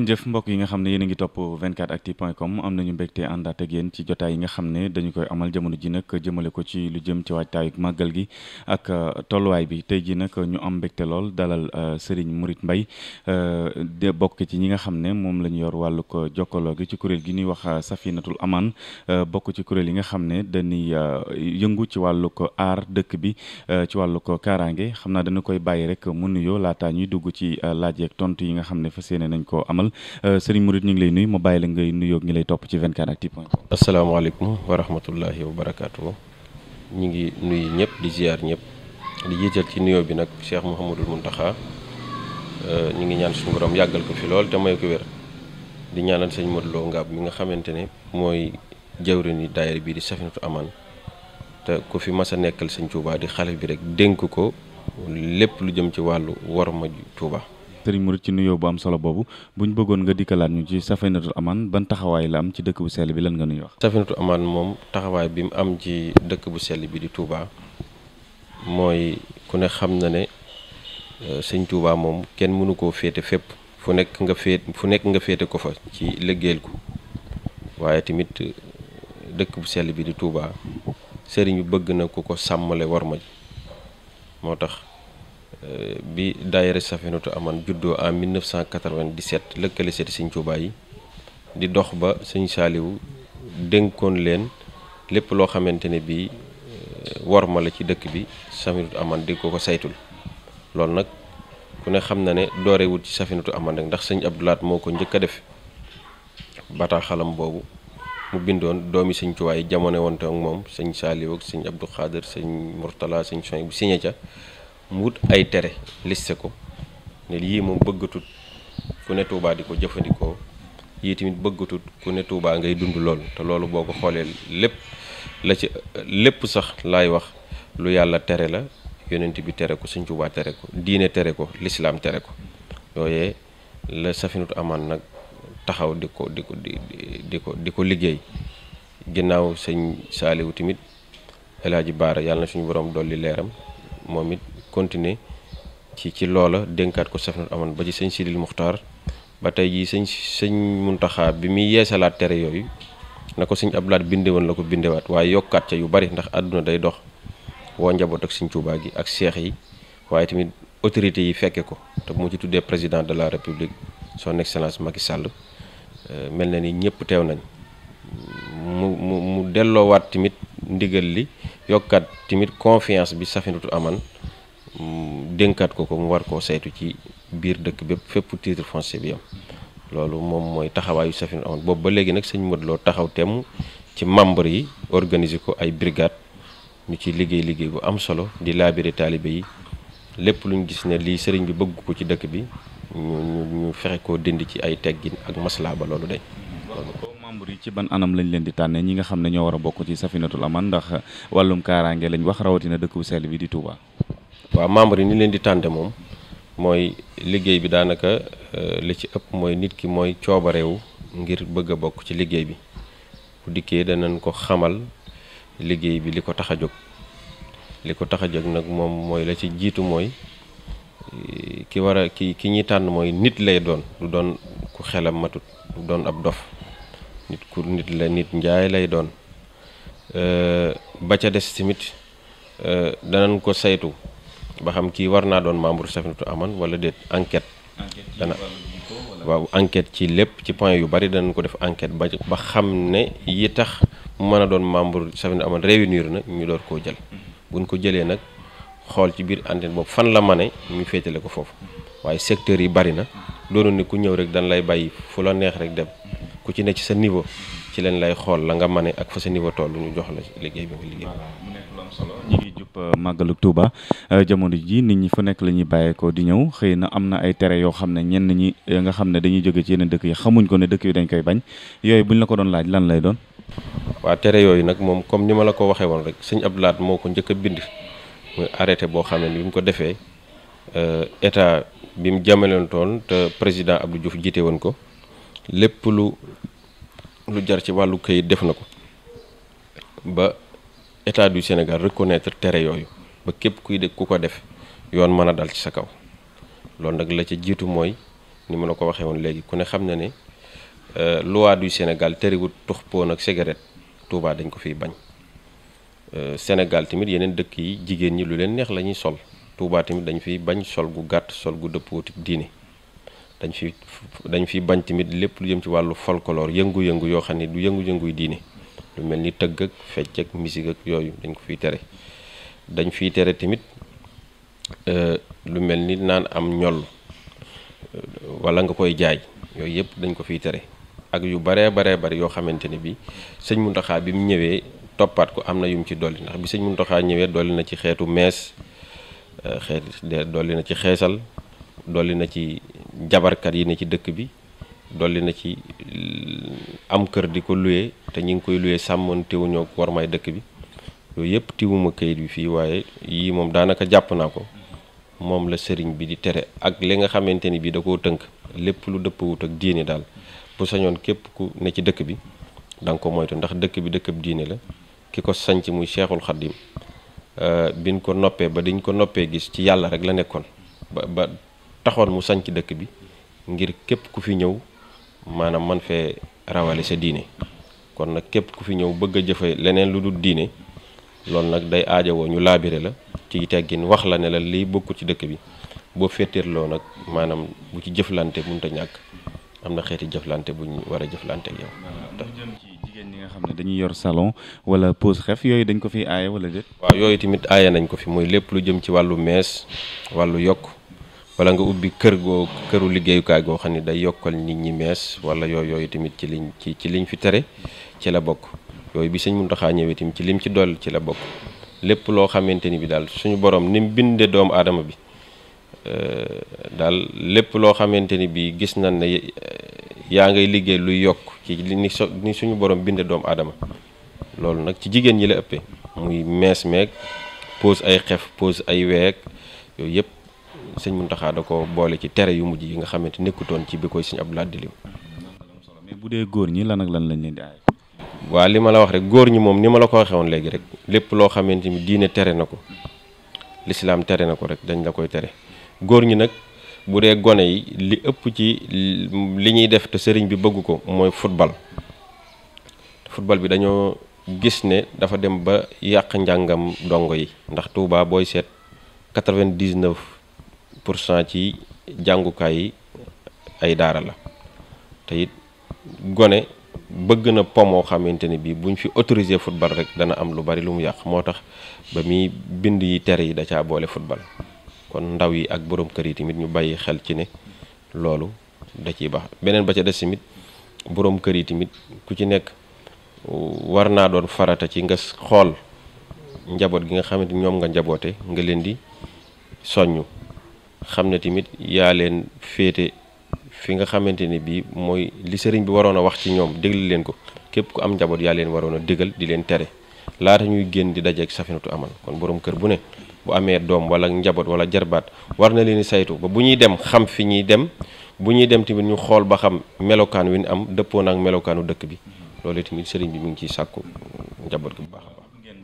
ngeen mbokk yi nga xam ne yéen a ngi topp 24actu point com am nañu mbégte àndaat ci xam ne dañu koy amal jamono ji nag jëmale ko ci lu jëm ci waajtaayu màggal gi ak euh, tolluwaay bi tey ji nag ñu am mbégte lool dalal euh, Serigne Mouride Mbaye euh, de bokk ci ñi nga xam ne moom la ñu yor wàllu ko jokkaloo gi ci kuréel gi ñuy wax Safinatul Aman bokk ci kuréel yi nga xam ne dañuy yëngu ci wàllu ko aar dëkk bi ci wàllu ko kaaraange xam naa dana koy bàyyi rek mu nuyoo laata ñuy dugg ci laaj yeeg tontu yi nga xam ne fas yéene nañ ko amal amal euh, sëriñ ñu ngi lay nuyu ma bàyyi ngay nuyoog ñi lay topp ci 24actu.com. asalaamaaleykum wa rahmatullahi wa barakaatu. ñu ngi nuyu ñëpp di ziar ñëpp di jiital ci nuyoo bi nag Cheikh Mouhamadul Mountakha euh, ñu ngi ñaan suñu borom yàggal ko fi lool te may ko wér di ñaanal sëñ Modou Lo Ngab mi nga xamante ne mooy jawrini daayira bii di Safinatu Aman te ko fi mas a nekkal sëñ Touba di xale bi rek dénk ko lépp lu jëm ci wàllu war ma tuuba sëriñ Murit ci nuyoo bu am solo boobu bu ñu bëggoon nga dikkalaat ñu ci Safinatul Amaan ban taxawaay la am ci dëkk bu sell bi lan nga nuy wax. Safinatul Amaan moom taxawaay bi mu am ci dëkk bu sell bi di Touba mooy ku xam na ne euh, sëñ Touba moom kenn mënu koo féete fépp fu nekk nga fu nekk nga féete ko fa ci liggéeyal ko waaye tamit euh, dëkk bu sell bi di Touba sëriñ bi bëgg na ku ko sàmmale war ma ji moo tax. Euh, bi daayira safinatu Aman juddo en 1997 lëkkale seeti sañ Tuubaa yi di dox ba sëñ Saaliwu dénkoon leen lépp loo xamante ne bii euh, war la ci dëkk bi Safinatoul Aman di ko ko saytul loolu nag ku ne xam na ne doorewut ci Safinatoul Aman ndax sëñ Abdou Lahad moo ko njëkk a def bataaxalam boobu mu bindoon doomi sëñ Tuubaa yi jamono wante ak moom sëñ Saaliw ak sëñ Abdou Xaadir sëñ Murtala sëñ Soñ bu siñe ca mu wut ay tere liste ko ne yii moom bëggatut ku ne Touba di ko jëfandikoo yii tamit bëggatut ku ne Touba ngay dund loolu te loolu boo ko xoolee lépp ci lépp sax laay wax lu yàlla tere la yonent bi tere ko Sëñ tuubaa tere ko diine tere ko lislaam tere ko yooyee la safinut amaan nag taxaw di ko di ko di di ko di ko liggéey ginnaaw sëñ saaliwu tamit El Hadji Baara yàlla suñu borom dolli leeram moom it continuer ci ci loola dénkaat ko safnal aman ba ci sëñ sidil muxtaar ba tey jii sëñ sëñ muntaxaa bi muy yeesalaat tere yooyu na ko sëñ abdulaat binde woon la ko bindewaat waaye yokkaat ca yu bari ndax àdduna day dox woo njaboot ak sëñ Tuubaa gi ak seex yi waaye tamit autorités yi fekke ko te mu ci tuddee président de la république son excellence Macky Sall euh, mel na ni ñëpp teew nañ mu mu mu delloowaat tamit ndigal li yokkaat tamit confiance bi safinatu Amane dénkaat ko ko mu war koo saytu ci biir dëkk bépp fépp titre foncier bi am loolu moom mooy taxawaayu Safina amoon boobu ba léegi nag sëñ Modou Lo taxaw temm ci membre yi organiser ko ay brigade ñu ci liggéey liggéey bu am solo di laabire taalibe yi lépp luñ gis ne lii sëriñ bi bëgg ko ci dëkk bi ñu ñu ci ay teggin ak maslaa ba loolu day yi ci ban anam lañ leen di tànnee ñi nga xam ñoo Safinatul Aman ndax wàllum kaaraange lañ wax rawatina dëkk sell bi di Touba waaw membre yi ni leen di tànde moom mooy liggéey bi daanaka euh, li ci ëpp mooy nit ki mooy coobarewu ngir bëgg a bokk ci liggéey bi bu dikkee danañ ko xamal liggéey bi li ko tax a jóg li ko tax a jóg nag moom mooy la ci jiitu mooy ki wara a ki ki ñuy tànn mooy nit lay doon du doon ku xelam matut du doon ab dof nit ku nit la nit njaay lay doon euh, ba ca des tamit euh, danañ ko saytu ba xam kii war naa doon membre Safinatoul Aman wala déet enquête dana waaw enquête ci lépp ci point yu bari danañ ko def enquête ba ba xam ne yi tax mu mën a doon membre Safinatoul Aman réunir na ñu door koo jël mm-hmm. buñ ko jëlee nag xool ci biir antenne boobu fan la mane ñu féetale ko foofu mm-hmm. waaye secteurs yi bari na mm-hmm. doonu ne ku ñëw rek dañ lay bàyyi fu la neex rek dem ku ci ne ci sa niveau ci leen lay xool la nga mane ak fa sa niveau toll ñu jox la liggéey bi nga Euh, màggalu Touba euh, jamono ji nit ñi fa nekk la ñuy bàyyeekoo di ñëw xëy na am na ay tere yoo xam ne ñenn ñi euh, nga xam ne dañuy jóge ci yeneen dëkk yi xamuñ ko ne dëkk yi dañ koy bañ yooyu buñ la ko doon laaj lan lay doon waa tere yooyu nag moom comme ni ma la ko waxee woon rek sëñ Abdou moo ko njëkk a bind muy arrêté boo xam ne mu ko defee état bi mu jameloon te président Abdou Diouf jiite woon ko lépp lu lu jar ci wàllu këyit def na ko état du Sénégal reconnaître tere yooyu ba képp kuy dégg ku ko def yoon mën a dal ci sa kaw loolu nag la ci jiitu mooy ni ma la ko waxee woon léegi ku ne xam na ne euh, loi du Sénégal terewut tux poon ak cigarette Touba dañ ko fi bañ euh, Sénégal tamit yeneen dëkk yi jigéen ñi lu leen neex la ñuy sol Touba tamit dañ fi bañ sol gu gàtt sol gu dëppootik diine dañ fi dañ fiy bañ tamit lépp lu jëm ci wàllu folklore yëngu-yëngu yoo xam ne du yëngu-yënguy diine lu mel ni tëgg ak fecc ak musique ak yooyu dañ ko fi tere dañ fiy tere tamit euh, lu mel ni naan am ñol euh, wala nga koy jaay yooyu yëpp dañ ko fi tere ak yu baree baree bari yoo xamante ne bi sëñ Muntaxa bi mu ñëwee toppaat ko am na yum ci dolli ndax bi sëñ Muntaxa ñëwee dolli na ci xeetu mees euh, xeet dolli na ci xeesal dolli na ci jabarkat yi ne ci dëkk bi dolli na ci am kër di ko luye te ñu ngi koy luye sàmmoon teewuñoo war may dëkk bi yooyu yëpp tiwuma kayit bi fii waaye yii moom daanaka jàpp naa ko moom la sëriñ bi di tere ak li nga xamante ni bii da koo tënk lépp lu dëppawut ak diine daal bu sañoon képp ku ne ci dëkk bi da nga ko moytu ndax dëkk bi dëkkab diine la ki ko sanc muy Cheikhul Khadim euh, biñ ko noppee ba diñ ko noppee gis ci yàlla rek la nekkoon ba ba taxoon mu sanc dëkk bi ngir képp ku fi ñëw maanaam man fee rawale sa diine kon nag képp ku fi ñëw bëgg a jëfe leneen lu dul diine loolu nag day aaja woo ñu laabire la ci teggin wax la ne la lii bokkul ci dëkk bi boo loo nag maanaam bu ci jëflante mun te ñàkk am na xeeti jëflante bu ñu war a jëflante ak yow. jëm nga xam ne dañuy yor salon wala pose xef yooyu dañ ko fi aaye wala déet. waaw yooyu tamit aaye nañ ko fi mooy lépp lu jëm ci wàllu mees wàllu yokk. wala nga ubbi kër goo këru liggéeyukaay goo xam ne day yokkal nit ñi mees wala yooyu yooyu tamit ci liñ ci ci liñ fi tere ci la bokk yooyu bi sëñ Muntaxa ñëwee tamit ci lim ci doll ci la bokk lépp loo xamante ni bi daal suñu borom ni mu bindee doomu aadama bi euh, daal lépp loo xamante ni bi gis nañ ne euh, yaa ngay liggéey lu yokk ci ni suñu borom bindee doomu aadama loolu nag ci jigéen ñi la ëppee muy mees meeg pose ay xef pose ay weeg yooyu yëpp sëñ Muntaxa da ko boole ci tere yu mujj yi nga xamante nekkutoon ci bi koy sëñ Abdou Lahad di lim dee góor ñi lan ak lan lañ leen di waaw li ma la wax rek góor ñi moom ni ma la ko waxee woon léegi rek lépp loo xamante ni diine tere na ko lislaam tere na ko rek dañ la koy tere góor ñi nag bu dee gone yi li ëpp ci li ñuy def te sëriñ bi bëgg ko mooy football football bi dañoo gis ne dafa dem ba yàq njàngam dongo yi ndax tuubaa booy seet quatre dix neuf pour cent ci jàngukaay yi ay daara la te it gone bëgg na po moo xamante ne bii buñ fi autorisé football rek dana am lu bari lu mu yàq moo tax ba muy bind yi tere yi da caa boole football kon ndaw yi ak boroom kër yi tamit ñu bàyyi xel ci ne loolu da ciy baax beneen ba ca des tamit borom kër yi tamit ku ci nekk war naa doon farata ci nga xool njaboot gi nga xamante ñoom nga njaboote nga leen di soññ xam ne tamit yaa leen féete fi nga xamante ni bii mooy li sëriñ bi waroon a wax ci ñoom déglu leen ko képp ku am njaboot yaa leen waroon a dégal di leen tere laata ñuy génn di dajeeg safinatu aman kon boroom kër bu ne bu amee doom wala njaboot wala jarbaat war na leen saytu ba bu ñuy dem xam fi ñuy dem bu ñuy dem tamit ñu xool ba xam melokaan wi ñu am dëppoon ak melokaanu dëkk bi loolu tamit sëriñ bi mu ngi ciy sàkku njaboot gi bu baax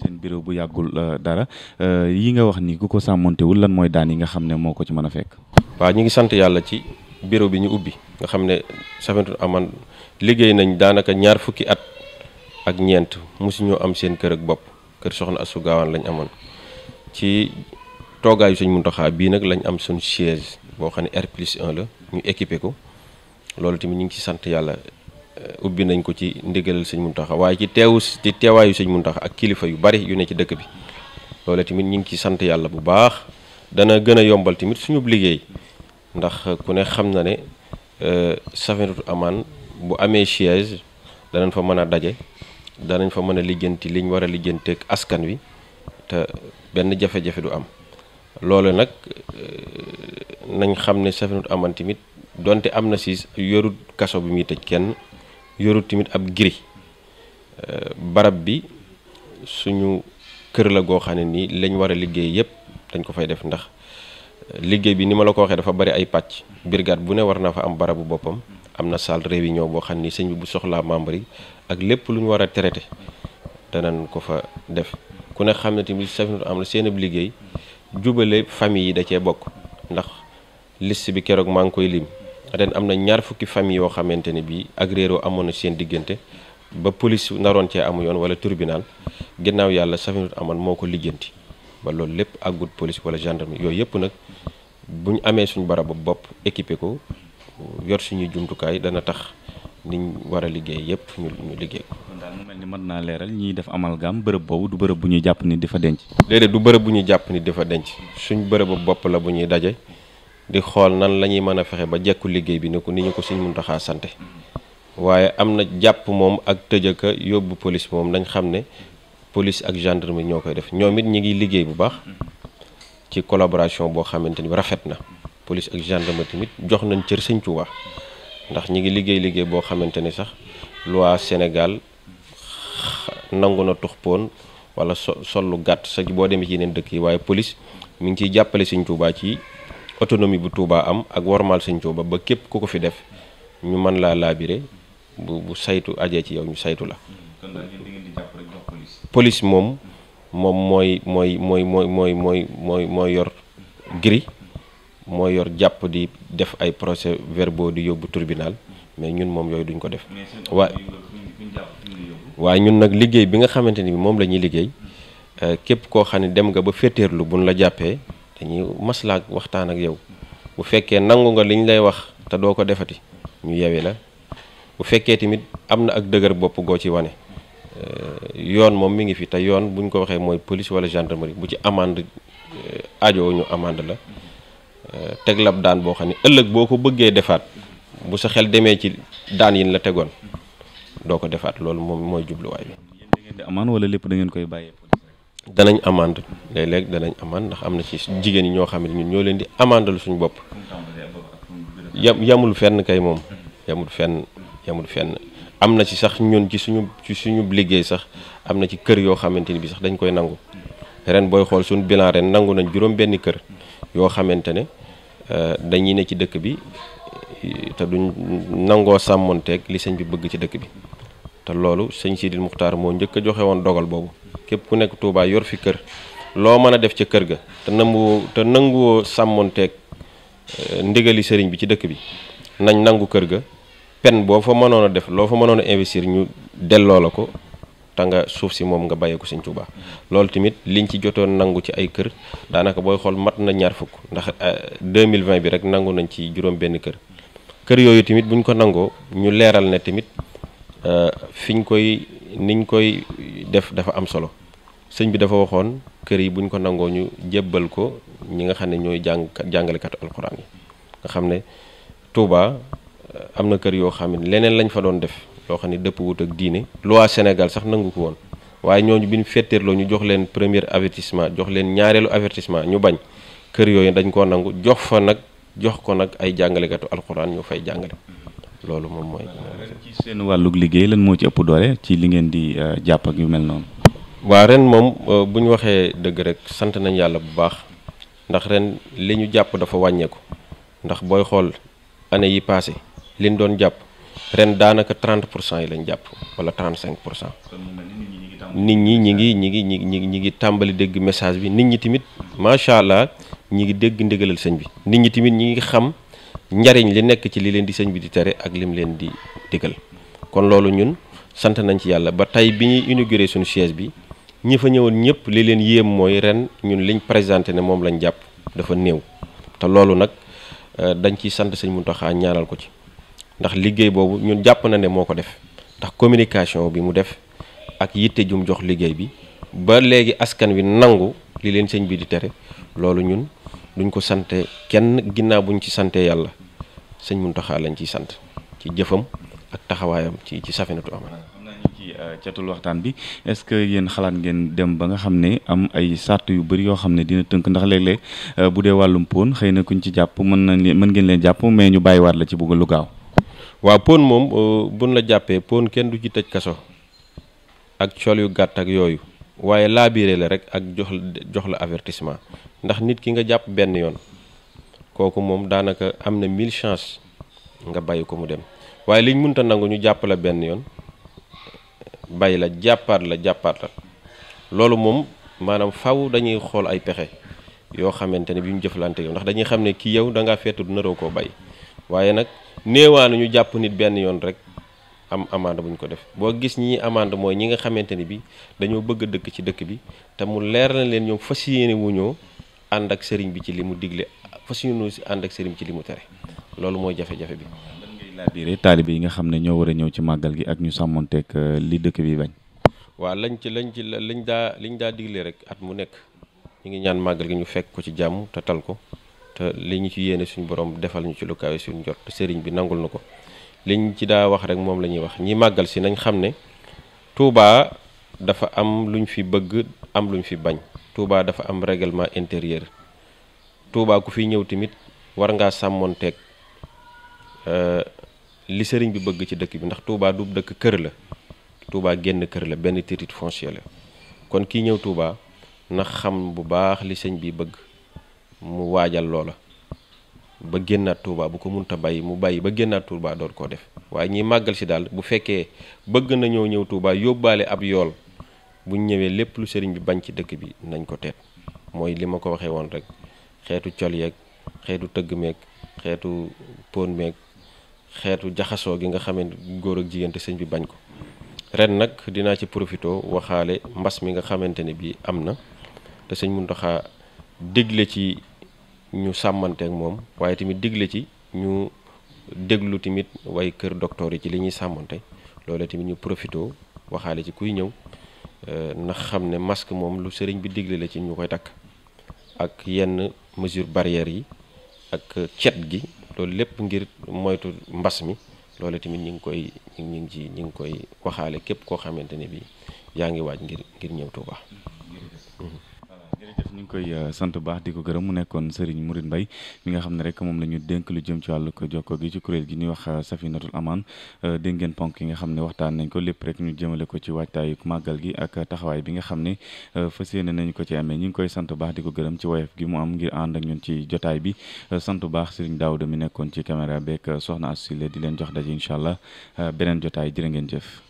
seen bureau bu yàggul euh, dara euh, yi nga wax ni ku ko sàmmontewul lan mooy daan yi nga xam ne moo ko ci mën a fekk. waa ñu ngi sant yàlla ci bureau bi ñu ubbi nga xam ne Safinatoul Aman liggéey nañ daanaka ñaar fukki at ak ñeent mosu ñoo am seen kër ak bopp kër soxna Astou Gawane lañ amoon ci toogaayu sëñ Muntaxa bii nag lañ am suñ siège boo xam ne R plus 1 la ñu équipé ko loolu tamit ñu ngi ci sant yàlla. Eh, ubbi nañ ko ci ndigalal sëñ Muntaxa waaye ci teewu ci teewaayu sëñ mun Muntaxa ak kilifa yu bari yu ne ci dëkk bi loole tamit ñu ngi ci sant yàlla bu baax dana gën a yombal tamit suñu liggéey ndax ku ne xam na ne eh, Safinatoul Amane bu amee siège danañ fa mën a daje danañ fa mën a lijjanti liñ war a lijjanteeg askan wi te benn jafe du am loolu nag eh, nañ xam ne Safinatoul Amane tamit donte am na siis yorut kaso bi muy tëj kenn yoru tamit ab giri euh, barab bi suñu kër la goo xam ne nii lañ war a liggéey yëpp dañ ko fay def ndax euh, liggéey bi ni ma la ko waxee dafa bari ay pàcc brigade bu ne war naa fa am barabu boppam am na salle réunion boo xam ni sëñ bi bu soxlaa membre yi ak lépp lu ñu war a traité danañ ko fa def ku ne xam ne tamit am Aman seen ab liggéey jubale famille yi da cee bokk ndax liste bi keroog maa ngi koy lim ren am na ñaar fukki famille yoo xamante ne bii ak réeroo amoon na seen diggante ba police naroon cee amu yoon wala tribunal ginnaaw yàlla safinut amoon moo ko liggéenti ba loolu lépp àggut police wala gendarmerie yooyu yëpp nag bu ñu amee suñu barab bopp équipé ko yor suñuy jumtukaay dana tax niñ war a liggéey yëpp ñu ñu liggéey ko. kon daal mu mel mën naa leeral ñiy def amalgam bërëb boobu du bërëb bu ñuy jàpp ni di fa denc. léeg du bërëb bu ñuy jàpp ni di fa denc suñ bërëb bopp la bu ñuy daje. di xool nan la ñuy mën a fexe ba jekku liggéey bi ni ko ni ñu ko si Sëriñ Muntaxa sante waaye am na jàpp moom ak tëjëka yóbbu police moom nañ xam ne police ak gendarmerie ñoo koy def ñoom it ñi ngi liggéey bu baax ci collaboration boo xamante ni rafet na police ak gendarmerie tamit jox nañ cër Sëriñ Tuubaa ndax ñi ngi liggéey liggéey boo xamante ni sax loi Sénégal nangu na tux poon wala sol sollu gàtt sa boo demee ci yeneen dëkk yi waaye police mu ngi ciy jàppale Sëriñ Tuubaa ci autonomie bu Touba am ak wormaal sañ Touba ba képp ku ko fi def ñu man laa laabire bu bu saytu ajee ci yow ñu saytu la. kon police. moom moom mooy mooy mooy mooy mooy mooy mooy mooy yor gris mooy yor jàpp di def ay procès verbaux di yóbbu tribunal mais ñun moom yooyu duñ ko def. waaye waaye ñun nag liggéey bi nga xamante ni moom la ñuy liggéey eh, képp koo xam ne dem nga ba féeteerlu buñ la jàppee. dañuy maslaak waxtaan ak yow bu fekkee nangu nga liñ lay wax te doo ko defati ñu yewi la bu fekkee tamit am na ak dëgër bopp goo ci wane euh, yoon moom mi ngi fi te yoon buñ ko waxee mooy police wala gendarmerie bu ci amande euh, ajo ñu amande la euh, teg lab daan boo xam ne ëllëg boo ko bëggee defaat bu sa xel demee ci daan yin la tegoon doo ko defaat loolu moom mooy jubluwaay bi. yéen da ngeen koy bàyyee. danañ amande léeg-léeg danañ amande ndax am na ci jigéen ñoo xam ni ñoo leen di amandal suñu bopp yam yamul fenn kay moom yamul fenn yamul fenn am na ci sax ñun ci suñu ci suñu liggéey sax am na ci kër yoo xamante ni bi sax dañ koy nangu ren booy xool suñu bilan ren nangu nañ juróom benn kër yoo xamante ne euh, dañuy ne ci dëkk bi te duñ nangoo sàmmoon teg li sëñ bi bëgg ci dëkk bi te loolu sëñ Sidil Muxtaar moo njëkk a joxe woon dogal boobu képp ku nekk Touba yor fi kër loo mën a def ca kër ga te nangu te nanguwoo sàmmonteeg eh, ndigali sëriñ bi ci dëkk bi nañ nangu kër ga pen boo fa mënoon def loo fa mënoon a investir ñu delloo la ko te suuf si moom nga bàyyee ko sëñ Touba loolu tamit liñ ci jotoon nangu ci ay kër daanaka booy xool mat na ñaar fukk ndax eh, mille vingt bi rek nangu nañ ci juróom benn kër kër yooyu tamit buñ ko nangoo ñu leeral ne tamit Euh, fiñ koy niñ koy def dafa am solo sëñ bi dafa waxoon kër yi buñ ko nangoo ñu jébbal ko ñi nga xam ne ñooy jàng jàngalekatu alxuraan yi nga xam ne Touba euh, am na kër yoo xam ne leneen lañ fa doon def loo xam ne dëpp wut ak diine loi Sénégal sax nangu ko woon waaye ñooñu bi ñu fetteerloo ñu jox leen premier avertissement jox leen ñaareelu avertissement ñu bañ kër yooyu dañ ko nangu jox fa nag jox ko nag ay jàngalekatu alxuraan ñoo fay jàngale loolu moom mooy. ci seen wàllug liggéey lan moo ci ëpp doole ci li ngeen di euh, jàpp ak yu mel noonu. waa ren moom euh, bu ñu waxee dëgg rek sant nañ yàlla bu baax ndax ren li ñu jàpp dafa wàññeeku ndax booy xool année yi passé liñ doon jàpp ren daanaka 30 pour cent yi lañ jàpp wala 35 pour cent. nit ñi ñi ngi ñi ngi ñi ngi ñi ngi tàmbali dégg message bi nit ñi tamit macha allah ñi ngi dégg ndigalal sëñ bi nit ñi tamit ñi ngi xam. njariñ li nekk ci li leen di sëñ bi di tere ak lim leen di digal kon loolu ñun sant nañ ci yàlla ba tey bi ñuy inauguré suñu siège bi ñi fa ñëwoon ñëpp li leen yéem mooy ren ñun liñ présenté ne moom lañ jàpp dafa néew te loolu nag euh, dañ ciy sant sëñ Muntaxa ñaanal ko ci ndax liggéey boobu ñun jàpp na ne moo ko def ndax communication bi mu def ak yitte jum jox liggéey bi ba léegi askan wi nangu li leen sëñ bi di tere loolu ñun duñ ko sante kenn ginnaaw buñ ci sante yàlla sëñ Muntaxa lañ ciy sant ci jëfam ak taxawaayam ci ci Safinatoul Aman catul euh, waxtaan bi est-ce que yéen xalaat ngeen dem ba nga xam ne am ay sart yu bëri yoo xam ne dina tënk ndax léeg-léeg euh, bu dee wàllum poon xëy na kuñ ci jàpp mën nañ leen mën ngeen leen jàpp mais ñu bàyyiwaat la ci bugg lu gaaw. waaw poon moom euh, buñ la jàppee pon kenn du ci tëj kaso ak col yu gàtt ak yooyu waaye laabiire la rek ak jox jox la avertissement ndax nit ki nga jàpp benn yoon. kooku moom daanaka am na mille chance nga bàyyi ko mu dem waaye liñ mënta nangu ñu jàpp la benn yoon bàyyi la jàppaat la jàppaat la loolu moom maanaam faw dañuy xool ay pexe yoo xamante ne bi ñu jëflante yow ndax dañuy xam ne kii yow da ngaa feetu naroo koo bàyyi waaye nag néewaanu ñu jàpp nit benn yoon rek am amande bu ñu ko def boo gis ñi amande mooy ñi nga xamante ni bi dañoo bëgg dëkk ci dëkk bi te mu leer na leen ñoom fas yéene wuñoo ànd ak sëriñ bi ci li mu digle fas yéene si ànd ak sëriñ ci li mu tere loolu mooy jafe-jafe bi. lan ngay laabiré taalibe yi nga xam ne ñoo war a ñëw ci màggal gi ak ñu sàmmonteeg euh, li dëkk bi bañ. waaw lañ ci lañ ci lañ daa liñ daa digle rek at mu nekk ñu ngi ñaan màggal gi ñu fekk ko ci jàmm te tal ko te li ñu ci yéene suñu borom defal ñu ci lu kawe suñu jot sëriñ bi nangul na ko liñ ci daa wax rek moom la ñuy wax ñi màggal si nañ xam ne Touba dafa am lu ñu fi bëgg am lu ñu fi bañ Touba dafa am règlement intérieur. tuubaa ku fi ñëw tamit war ngaa sàmmoon sàmmoonteeg euh, li sëriñ bi bëgg ci dëkk bi ndax tuubaa du dëkk kër la Touba génn kër la benn titre foncier la kon kii ñëw tuubaa na xam bu baax li sëñ bi bëgg mu waajal loola ba génnaat Touba bu ko munta bàyyi mu bàyyi ba génnaat Touba doon koo def waaye ñiy màggal si daal bu fekkee bëgg nañoo ñëw tuubaa yóbbaale ab yool bu ñëwee lépp lu sëriñ bi bañ ci dëkk bi nañ ko teet mooy li ma ko waxee woon rek xeetu col yeeg xeetu tëgg meeg xeetu pon meeg xeetu jaxasoo gi nga xamante góor ak jigéen sëñ bi bañ ren nag dinaa ci profité waxaale mbas mi nga xamante ne bii am na te sëñ Muntaxa ci ñu sàmmanteek moom waaye tamit digle ci ñu déglu tamit way kër docteur yi ci li ñuy sàmmante loole tamit ñu profité waxaale ci kuy ñëw eh, ndax xam ne masque moom lu sëriñ bi digle la ci ñu koy takk ak yenn mesure barrière yi ak cet gi loolu lépp ngir moytu mbas mi loolu tamit ñi ngi koy ñi ngi ci ñi ngi koy waxaale képp koo xamante ne bi yaa ngi waaj ngir ngir ñëw Tuuba mm-hmm. mm-hmm. koy euh, sant baax di ko gërëm mu nekkoon Serigne Mouride Mbaye mi nga xam ne rek moom la ñu dénk lu jëm ci wàllu ko jokko gi ci kuréel gi ñuy wax euh, Safinatul Aman euh, dégg ngeen ponk yi nga xam ne waxtaan nañ ko lépp rek ñu jëmale ko ci waajtaayu màggal gi ak taxawaay bi nga xam ne fas yéene nañ ko ci amee ñu ngi koy sant baax di ko gërëm ci woyof gi mu am ngir ànd ak ñun ci jotaay bi sant baax Serigne Daouda mi nekkoon ci caméra beeg soxna Asile di leen jox daje incha allah beneen jotaay jërë ngeen jëf